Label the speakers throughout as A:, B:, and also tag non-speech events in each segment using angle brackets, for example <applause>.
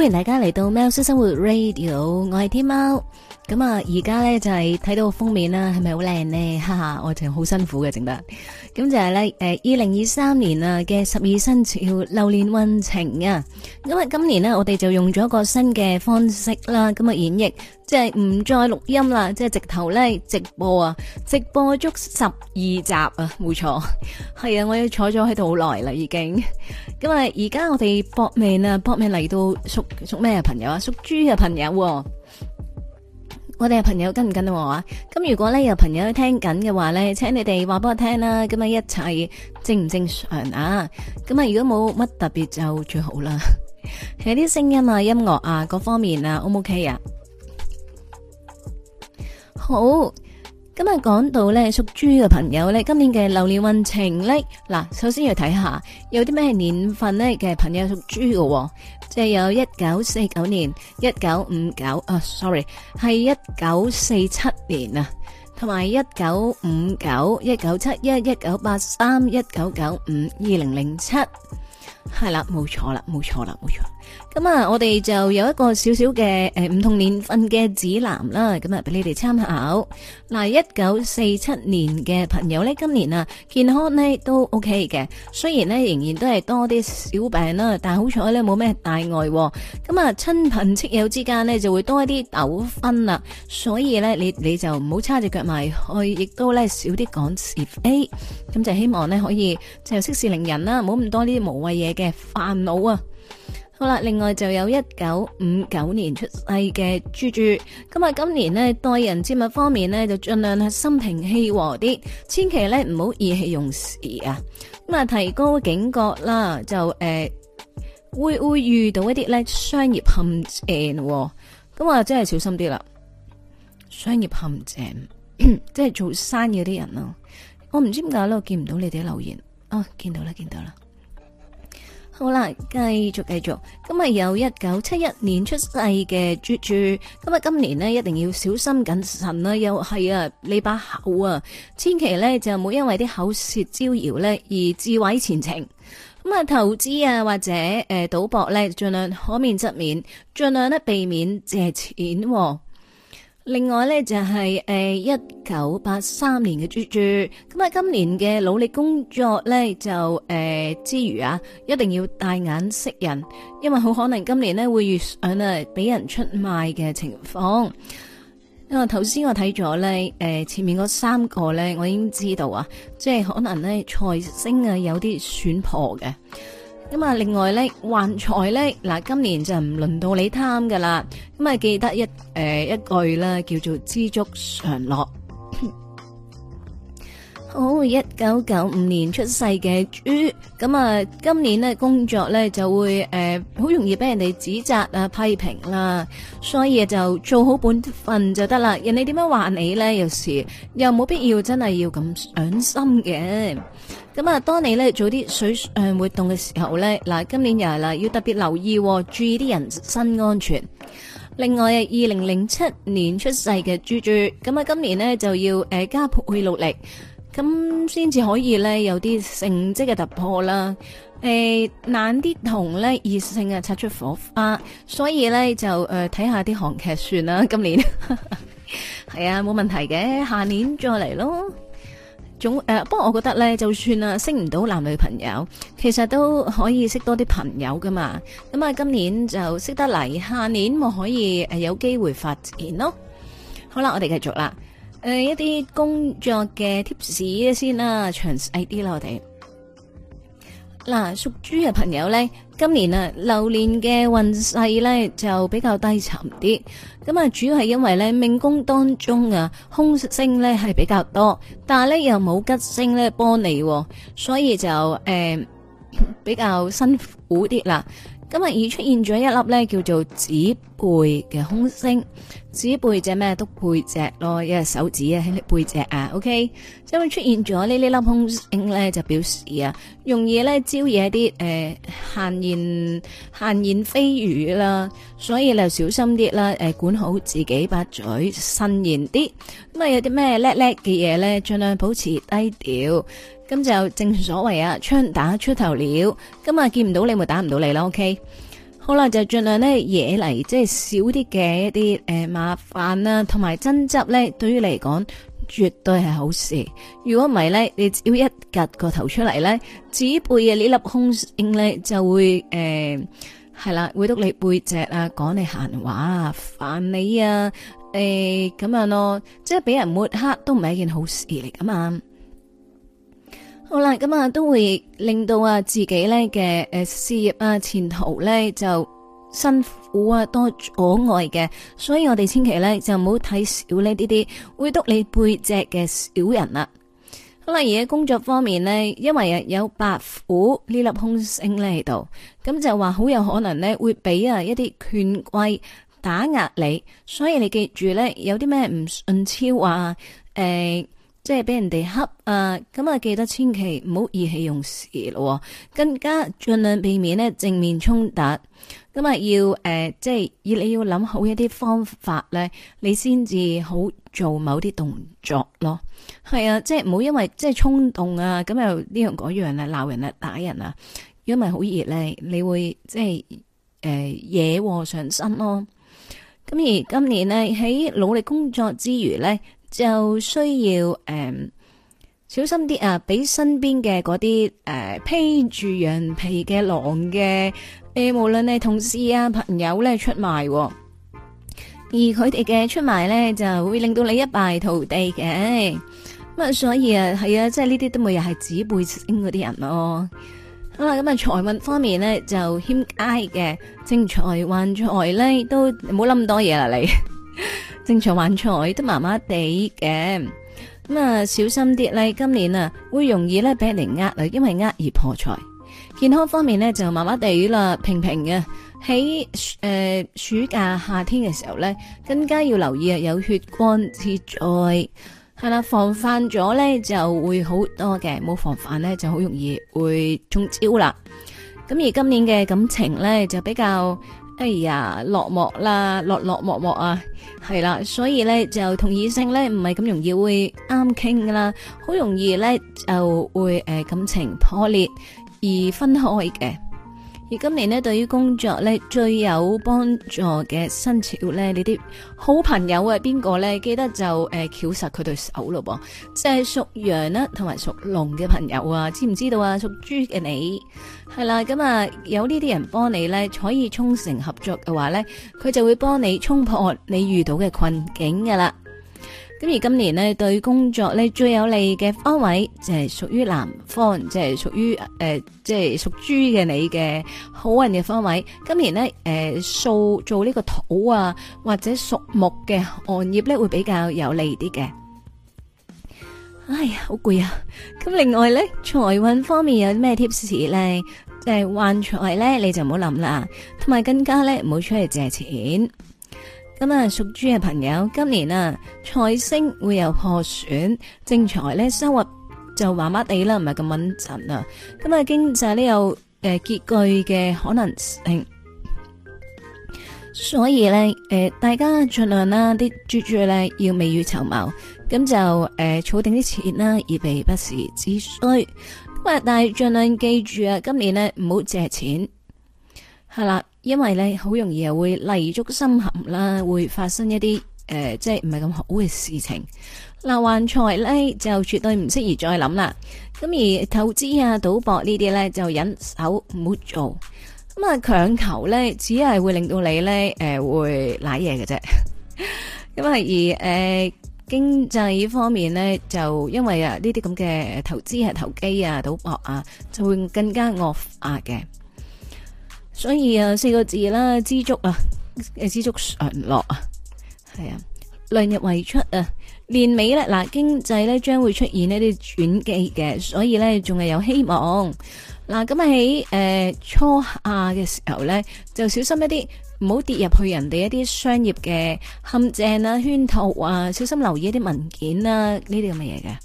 A: 歡迎大家嚟到喵式生活 Radio，我係天喵。咁啊，而家咧就係睇到封面啦，係咪好靚呢？哈哈，愛情好辛苦嘅，整得。咁就係咧，誒，二零二三年啊嘅十二生肖流年運程啊。咁啊，今年呢，我哋就用咗一個新嘅方式啦，咁啊演繹，即係唔再錄音啦，即係直頭咧直播啊，直播足十二集啊，冇錯。係 <laughs> 啊，我要坐咗喺度好耐啦，已經。咁啊，而家我哋搏命啊，搏命嚟到屬屬咩嘅朋友啊，屬豬嘅朋友。我哋係朋友跟唔跟到我啊？咁如果咧有朋友聽緊嘅話咧，請你哋話俾我聽啦。今日一切正唔正常啊？咁啊，如果冇乜特別就最好啦。其實啲聲音啊、音樂啊各方面啊，O 唔 OK 啊？好。咁啊，講到咧屬豬嘅朋友咧，今年嘅流年運程呢，嗱，首先要睇下有啲咩年份呢，嘅朋友屬豬嘅，即係有一九四九年、一九五九啊，sorry 係一九四七年啊，同埋一九五九、一九七一、一九八三、一九九五、二零零七，係啦，冇錯啦，冇錯啦，冇錯。咁啊，我哋就有一個小小嘅誒，唔、欸、同年份嘅指南啦。咁啊，俾你哋參考。嗱，一九四七年嘅朋友呢，今年啊，健康呢都 OK 嘅。雖然呢，仍然都係多啲小病啦，但係好彩呢，冇咩大礙。咁啊，親朋、啊、戚友之間呢，就會多一啲糾紛啦。所以呢，你你就唔好叉隻腳埋去，亦都呢少啲講是非。咁就希望呢，可以就息事寧人啦，冇咁多呢啲無謂嘢嘅煩惱啊。好啦，另外就有一九五九年出世嘅豬豬，咁啊，今年咧待人接物方面呢，就盡量係心平氣和啲，千祈咧唔好意氣用事啊！咁啊，提高警覺啦，就誒、呃、會會遇到一啲咧商業陷阱，咁啊真係小心啲啦！商業陷阱，即係做生意啲人啦。我唔知點解咧，我見唔到你哋留言啊，見到啦，見到啦。好啦，繼續繼續，咁啊有一九七一年出世嘅豬豬，咁啊今年呢，一定要小心謹慎啦，又係啊你把口啊，千祈呢就唔好因為啲口舌招搖呢而自毀前程，咁啊投資啊或者誒賭博呢，盡量可免則免，盡量呢避免借錢。另外呢、就是，就係誒一九八三年嘅豬豬咁喺今年嘅努力工作呢，就誒、呃、之餘啊，一定要帶眼識人，因為好可能今年咧會遇上啊俾人出賣嘅情況。因為頭先我睇咗呢誒前面嗰三個呢，我已經知道啊，即係可能呢，財星啊有啲損破嘅。咁啊！另外咧，橫財咧，嗱，今年就唔輪到你貪㗎啦。咁啊，記得一誒一句啦，叫做知足常樂。好，一九九五年出世嘅豬，咁啊，今年咧工作咧就會誒，好容易俾人哋指責啊、批評啦，所以就做好本分就得啦。人哋點樣話你咧，有時又冇必要真係要咁上心嘅。咁啊，當你咧做啲水上活動嘅時候咧，嗱，今年又係啦，要特別留意，注意啲人身安全。另外，二零零七年出世嘅豬豬，咁啊，今年呢就要誒加倍努力，咁先至可以咧有啲成績嘅突破啦。誒，難啲同咧異性啊擦出火花，所以咧就誒睇下啲韓劇算啦。今年係 <laughs> 啊，冇問題嘅，下年再嚟咯。總誒，不、呃、過我覺得咧，就算啊，識唔到男女朋友，其實都可以識多啲朋友噶嘛。咁、嗯、啊，今年就識得嚟，下年咪可以誒有機會發展咯。好啦，我哋繼續啦。誒、呃，一啲工作嘅 tips 先啦， <noise> 長啲啦我哋。嗱，屬豬嘅朋友呢，今年啊，流年嘅運勢呢就比較低沉啲，咁啊，主要係因為呢命宮當中啊，空星呢係比較多，但係呢又冇吉星呢幫你、哦，所以就誒、呃、比較辛苦啲啦。今日已出現咗一粒咧，叫做指背嘅空星，指背即咩篤背脊咯，因為手指啊，背脊啊，OK。因為、OK？出現咗呢呢粒空星咧，就表示啊，容易咧招惹啲誒閒言閒言蜚語啦，所以就小心啲啦，誒管好自己把嘴，慎言啲。咁啊，有啲咩叻叻嘅嘢咧，盡量保持低調。咁就正所謂啊，槍打出頭鳥。咁啊見唔到你，咪打唔到你咯。OK，好啦，就盡量咧，惹嚟即係少啲嘅一啲誒麻煩啊，同埋爭執咧，對於你嚟講絕對係好事。如果唔係咧，你只要一岌個頭出嚟咧，指背啊呢粒兇星咧就會誒係、呃、啦，會督你背脊啊，講你閒話啊，煩你啊，誒、呃、咁樣咯，即係俾人抹黑都唔係一件好事嚟噶嘛。好啦，咁啊都會令到啊自己咧嘅誒事業啊前途咧就辛苦啊多阻礙嘅，所以我哋千祈咧就唔好睇少呢啲啲會督你背脊嘅小人啦。好啦，而喺工作方面咧，因為啊有白虎呢粒空星咧喺度，咁就話好有可能咧會俾啊一啲權貴打壓你，所以你記住咧有啲咩唔順超啊誒。欸即係俾人哋恰啊！咁啊，記得千祈唔好意氣用事咯，更加盡量避免呢正面衝突。咁啊，要、呃、誒，即係要你要諗好一啲方法咧，你先至好做某啲動作咯。係啊，即係唔好因為即係衝動啊，咁又呢樣嗰樣啊，鬧人啊，打人啊，如果咪好熱咧，你會即係誒、呃、惹禍上身咯。咁而今年呢，喺努力工作之餘咧。就需要誒、嗯，小心啲啊！俾身邊嘅嗰啲誒披住羊皮嘅狼嘅，誒、呃、無論係同事啊，朋友咧出賣，啊，而佢哋嘅出賣咧就會令到你一敗塗地嘅。咁啊，所以啊係啊，即係呢啲都冇、啊，又係指背星嗰啲人咯。好、嗯、啦，咁啊財運方面咧就欠佳嘅，正財橫財咧都冇諗諗咁多嘢啦，你。 <laughs> 正常玩彩都麻麻地嘅，咁啊小心啲啦！今年啊會容易咧俾人嚟呃啊，因為呃而破財。健康方面咧就麻麻地啦，平平嘅、啊。喺誒、呃、暑假夏天嘅時候咧，更加要留意啊！有血光之災，係啦，防範咗咧就會好多嘅，冇防範咧就好容易會中招啦。咁而今年嘅感情咧就比較。哎呀，落寞啦，落落寞寞啊，係啦，所以咧就同異性咧唔係咁容易會啱傾噶啦，好容易咧就會誒感情破裂而分開嘅。而今年呢對於工作呢最有幫助嘅生肖呢，呢啲好朋友啊，邊個呢？記得就誒，撬實佢對手咯噃，即係屬羊啦，同埋屬龍嘅朋友啊，知唔知道啊？屬豬嘅你係啦，咁啊有呢啲人幫你呢，可以沖成合作嘅話呢，佢就會幫你沖破你遇到嘅困境噶啦。咁而今年咧，對工作咧最有利嘅方位就係屬於南方，即係屬於誒，即係屬豬嘅你嘅好運嘅方位。今年咧，誒、呃，掃做呢個土啊，或者屬木嘅行業咧，會比較有利啲嘅。哎呀，好攰啊！咁另外咧，財運方面有咩 tips 咧？誒，橫財咧，你就唔好諗啦，同埋更加咧，唔好出去借錢。咁啊，屬豬嘅朋友，今年啊財星會有破損，正財咧收入就麻麻地啦，唔係咁穩陣啊！咁啊，經濟呢有誒拮據，嘅可能性，所以咧誒、呃，大家盡量啦、啊，啲豬豬咧要未雨綢繆，咁就誒儲定啲錢啦、啊，以備不時之需。咁啊，但係盡量記住啊，今年咧唔好借錢，係啦。因為咧，好容易又會泥足深陷啦，會發生一啲誒、呃，即係唔係咁好嘅事情。嗱，橫財咧就絕對唔適宜再諗啦。咁而投資啊、賭博呢啲咧就忍手唔好做。咁啊，強求咧只係會令到你咧誒、呃、會瀨嘢嘅啫。咁 <laughs> 啊而誒、呃、經濟方面咧，就因為啊呢啲咁嘅投資係、啊、投機啊、賭博啊，就會更加惡化嘅。所以啊，四個字啦，知足啊，誒，知足常樂啊，係啊，量入為出啊。年尾咧，嗱，經濟咧將會出現呢啲轉機嘅，所以咧仲係有希望。嗱，咁喺誒初夏嘅時候咧，就小心一啲，唔好跌入去人哋一啲商業嘅陷阱啊、圈套啊，小心留意一啲文件啊，這些東西的呢啲咁嘅嘢嘅。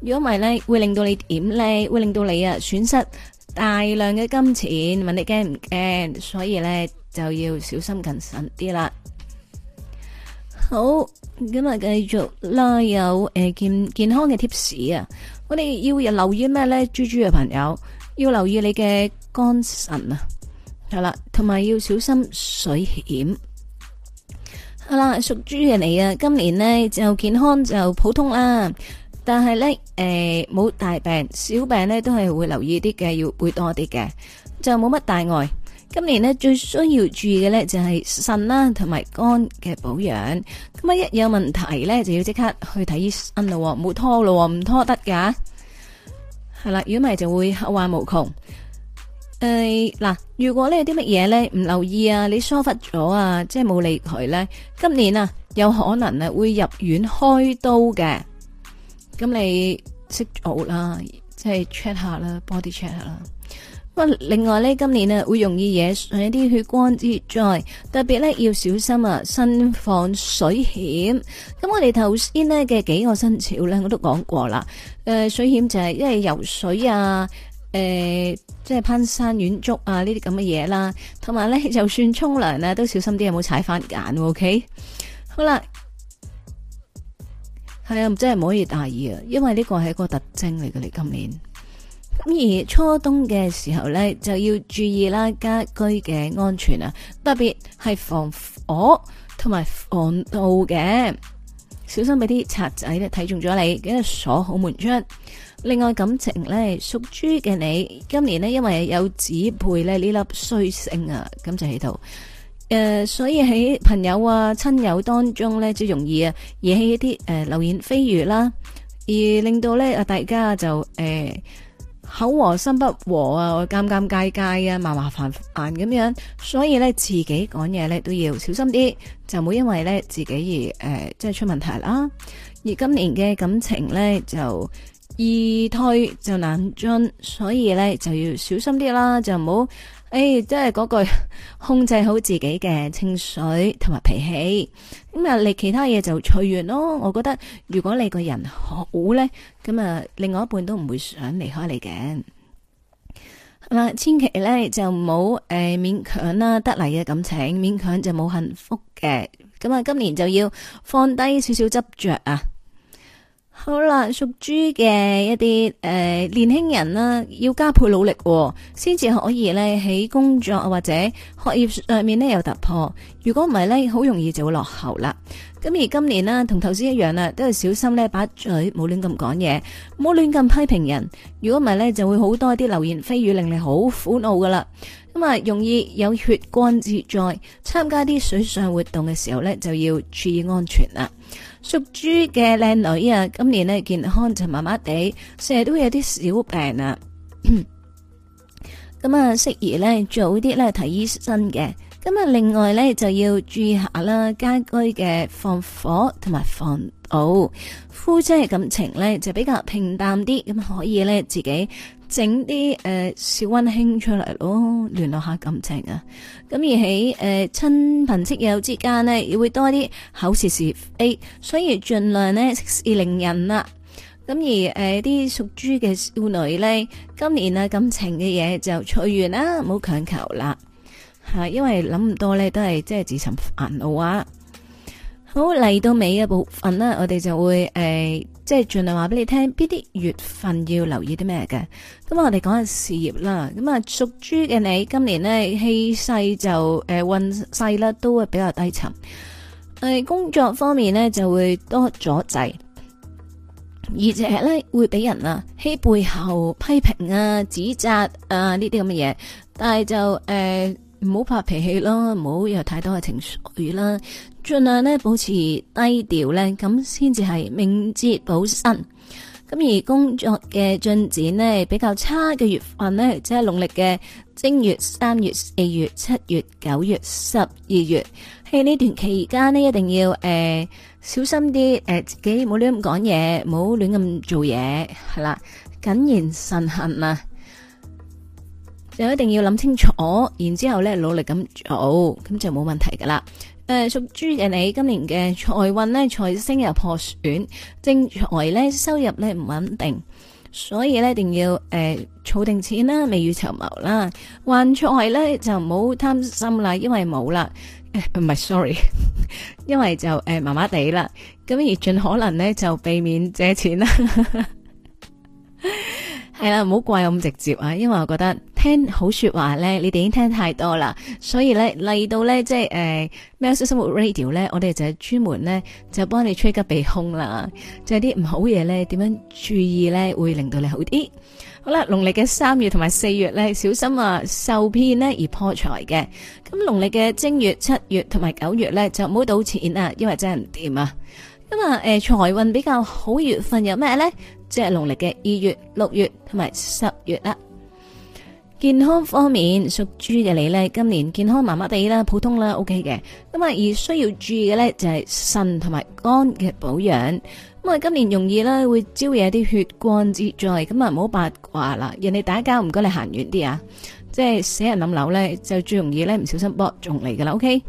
A: 如果唔係咧，會令到你點咧？會令到你啊損失。大量嘅金錢，問你驚唔驚？所以咧就要小心謹慎啲啦。好，今日繼續啦！有誒、呃、健健康嘅 tips 啊！我哋要留意咩咧？豬豬嘅朋友要留意你嘅肝腎啊，係啦，同埋要小心水險。係啦，屬豬嘅你啊，今年呢，就健康就普通啦，但係咧。誒，冇大病，小病呢都係會留意啲嘅，要會多啲嘅，就冇乜大礙。今年呢最需要注意嘅呢就係腎啦，同埋肝嘅保養。咁啊，一有問題呢就要即刻去睇醫生咯，冇拖咯，唔拖得噶。係啦，如果唔係就會後患無窮。誒，嗱，如果呢有啲乜嘢呢唔留意啊，你疏忽咗啊，即係冇理佢呢，今年啊有可能啊會入院開刀嘅。咁你識做啦，即係 check 下啦，body check 下啦。另外咧，今年呢會容易惹上一啲血光之災，特別咧，要小心啊，慎防水險。咁我哋頭先呢嘅幾個生肖咧，我都講過啦。誒、呃，水險就係因為游水啊，誒、呃，即係攀山遠足啊呢啲咁嘅嘢啦，同埋咧就算沖涼咧都小心啲，有冇踩翻眼？OK，好啦。係啊，真係唔可以大意啊！因為呢個係一個特徵嚟嘅，你今年咁而初冬嘅時候呢，就要注意啦，家居嘅安全啊，特別係防火同埋防盜嘅，小心俾啲賊仔咧睇中咗你，跟住鎖好門窗。另外感情呢，屬豬嘅你今年呢，因為有指背咧呢粒衰星啊，咁就喺度。誒、呃，所以喺朋友啊、親友當中呢，就容易啊惹起一啲誒、呃、流言蜚語啦，而令到呢，啊大家就誒、呃、口和心不和啊，尷尷尬尬啊，麻麻煩煩咁樣。所以呢，自己講嘢呢都要小心啲，就唔好因為呢自己而誒即係出問題啦。而今年嘅感情呢，就易推就難進，所以呢，就要小心啲啦，就唔好。誒、哎，即係嗰句控制好自己嘅情緒同埋脾氣，咁啊，你其他嘢，就隨緣咯。我覺得如果你個人好呢，咁啊，另外一半都唔會想離開你嘅。嗱、嗯，千祈呢就唔好誒、呃、勉強啦，得嚟嘅感情勉強就冇幸福嘅。咁、嗯、啊，今年就要放低少少執着啊。好啦，屬豬嘅一啲誒、呃、年輕人啦、啊，要加倍努力先、啊、至可以呢喺工作或者學業上面呢有突破。如果唔係呢，好容易就會落後啦。咁而今年啦、啊，同頭先一樣啦、啊，都係小心呢把嘴，冇亂咁講嘢，唔好亂咁批評人。如果唔係呢，就會好多啲流言蜚語，令你好苦惱噶啦。咁啊，容易有血光之災，參加啲水上活動嘅時候呢，就要注意安全啦。屬豬嘅靚女啊，今年呢健康就麻麻地，成日都會有啲小病啊。咁啊，適 <coughs> 宜呢早啲呢睇醫生嘅。咁啊，另外呢，就要注意下啦，家居嘅防火同埋防。好、oh，夫妻嘅感情咧就比較平淡啲，咁可以咧自己整啲誒小溫馨出嚟咯，聯絡下感情啊。咁而喺誒親朋戚友之間亦會多啲口舌是、是非，所以盡量呢息事寧人啦、啊。咁而誒啲屬豬嘅少女呢，今年啊感情嘅嘢就隨緣啦，唔好強求啦。吓、啊，因為諗唔多咧都係即係自尋煩惱啊。好，嚟到尾嘅部分咧，我哋就會誒、呃，即係盡量話俾你聽，邊啲月份要留意啲咩嘅。咁啊，我哋講下事業啦。咁、嗯、啊，屬豬嘅你今年咧氣勢就誒運、呃、勢啦都會比較低沉。喺、呃、工作方面咧就會多阻滯，而且咧會俾人啊喺背後批評啊指責啊呢啲咁嘅嘢，但係就誒。呃唔好發脾氣咯，唔好有太多嘅情緒啦，盡量呢保持低調呢，咁先至係明哲保身。咁而工作嘅進展呢，比較差嘅月份呢，即係農曆嘅正月、三月、四月、七月、九月、十二月。喺呢段期間呢，一定要誒、呃、小心啲，誒、呃、自己唔好亂咁講嘢，唔好亂咁做嘢，係啦，謹言慎行啊！就一定要諗清楚，然之後咧努力咁做，咁就冇問題噶啦。誒、呃，屬豬嘅你今年嘅財運咧，財星又破損，正財咧收入咧唔穩定，所以咧一定要誒儲、呃、定錢啦，未雨綢繆啦。橫財咧就唔好貪心啦，因為冇啦，唔、呃、係 sorry， <laughs> 因為就誒麻麻地啦，咁、呃、而盡可能咧就避免借錢啦。係 <laughs> 啦，唔好怪我咁直接啊，因為我覺得。聽好說話咧，你哋已經聽太多啦，所以咧嚟到咧即係誒，喵式生活 radio 咧，我哋就專門咧就幫你趨吉避凶啦，就係啲唔好嘢咧，點樣注意咧，會令到你好啲。好啦，農曆嘅三月同埋四月咧，小心啊受騙咧而破財嘅。咁農曆嘅正月、七月同埋九月咧，就唔好賭錢啊，因為真係唔掂啊。咁啊，誒、呃、財運比較好月份有咩咧？即係農曆嘅二月、六月同埋十月啦。健康方面，屬豬嘅你呢？今年健康麻麻地啦，普通啦，OK 嘅。咁啊，而需要注意嘅呢，就係腎同埋肝嘅保養。咁啊，今年容易呢，會招惹啲血光之災。咁啊，唔好八卦啦，人哋打交唔該你行遠啲啊，即係死人諗樓呢，就最容易呢，唔小心搏，仲嚟噶啦，OK。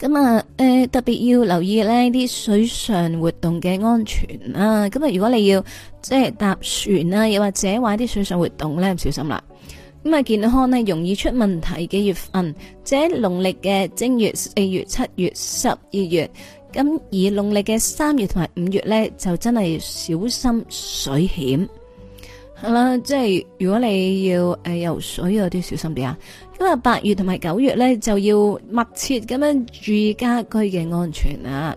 A: 咁啊，誒、呃，特別要留意呢啲水上活動嘅安全啊。咁啊，如果你要即係搭船啊，又或者玩啲水上活動呢，唔小心啦。咁啊，健康呢，容易出問題嘅月份，即係農曆嘅正月、四月、七月、十二月。咁而農曆嘅三月同埋五月呢，就真係小心水險。係啦，即係如果你要誒、呃、游水啊，都要小心啲啊。咁啊，八月同埋九月呢，就要密切咁樣注意家居嘅安全啦。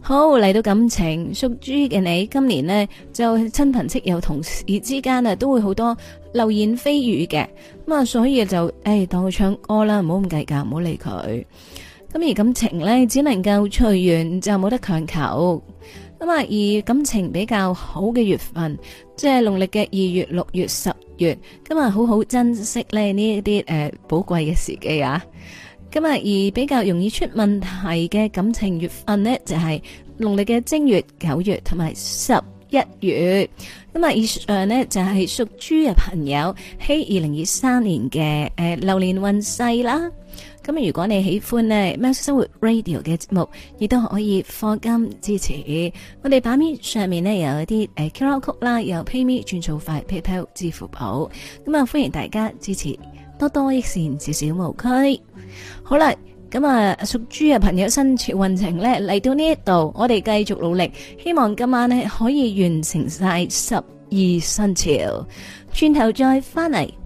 A: 好，嚟到感情，屬豬嘅你，今年呢，就親朋戚友、同事之間啊，都會好多流言蜚語，嘅咁啊，所以就誒、哎、當佢唱歌啦，唔好咁計較，唔好理佢。咁而感情呢，只能夠隨緣，就冇得強求。咁啊，而感情比較好嘅月份，即係農曆嘅二月、六月、十月，咁好好珍惜咧呢一啲誒寶貴嘅時機啊！咁啊，而比較容易出問題嘅感情月份呢，就係農曆嘅正月、九月同埋十一月。咁啊，以上呢，就係屬豬嘅朋友喺二零二三年嘅誒流年運勢啦。咁啊，如果你喜歡呢喵式生活 Radio 嘅節目，亦都可以課金支持。我哋版面上面呢，有一啲誒 QR code 啦，有 PayMe、轉數快 PayPal、支付寶。咁啊，歡迎大家支持，多多益善，少少無拘。好啦，咁啊，屬豬嘅朋友生肖運程呢，嚟到呢一度，我哋繼續努力，希望今晚呢，可以完成晒十二生肖，轉頭再返嚟。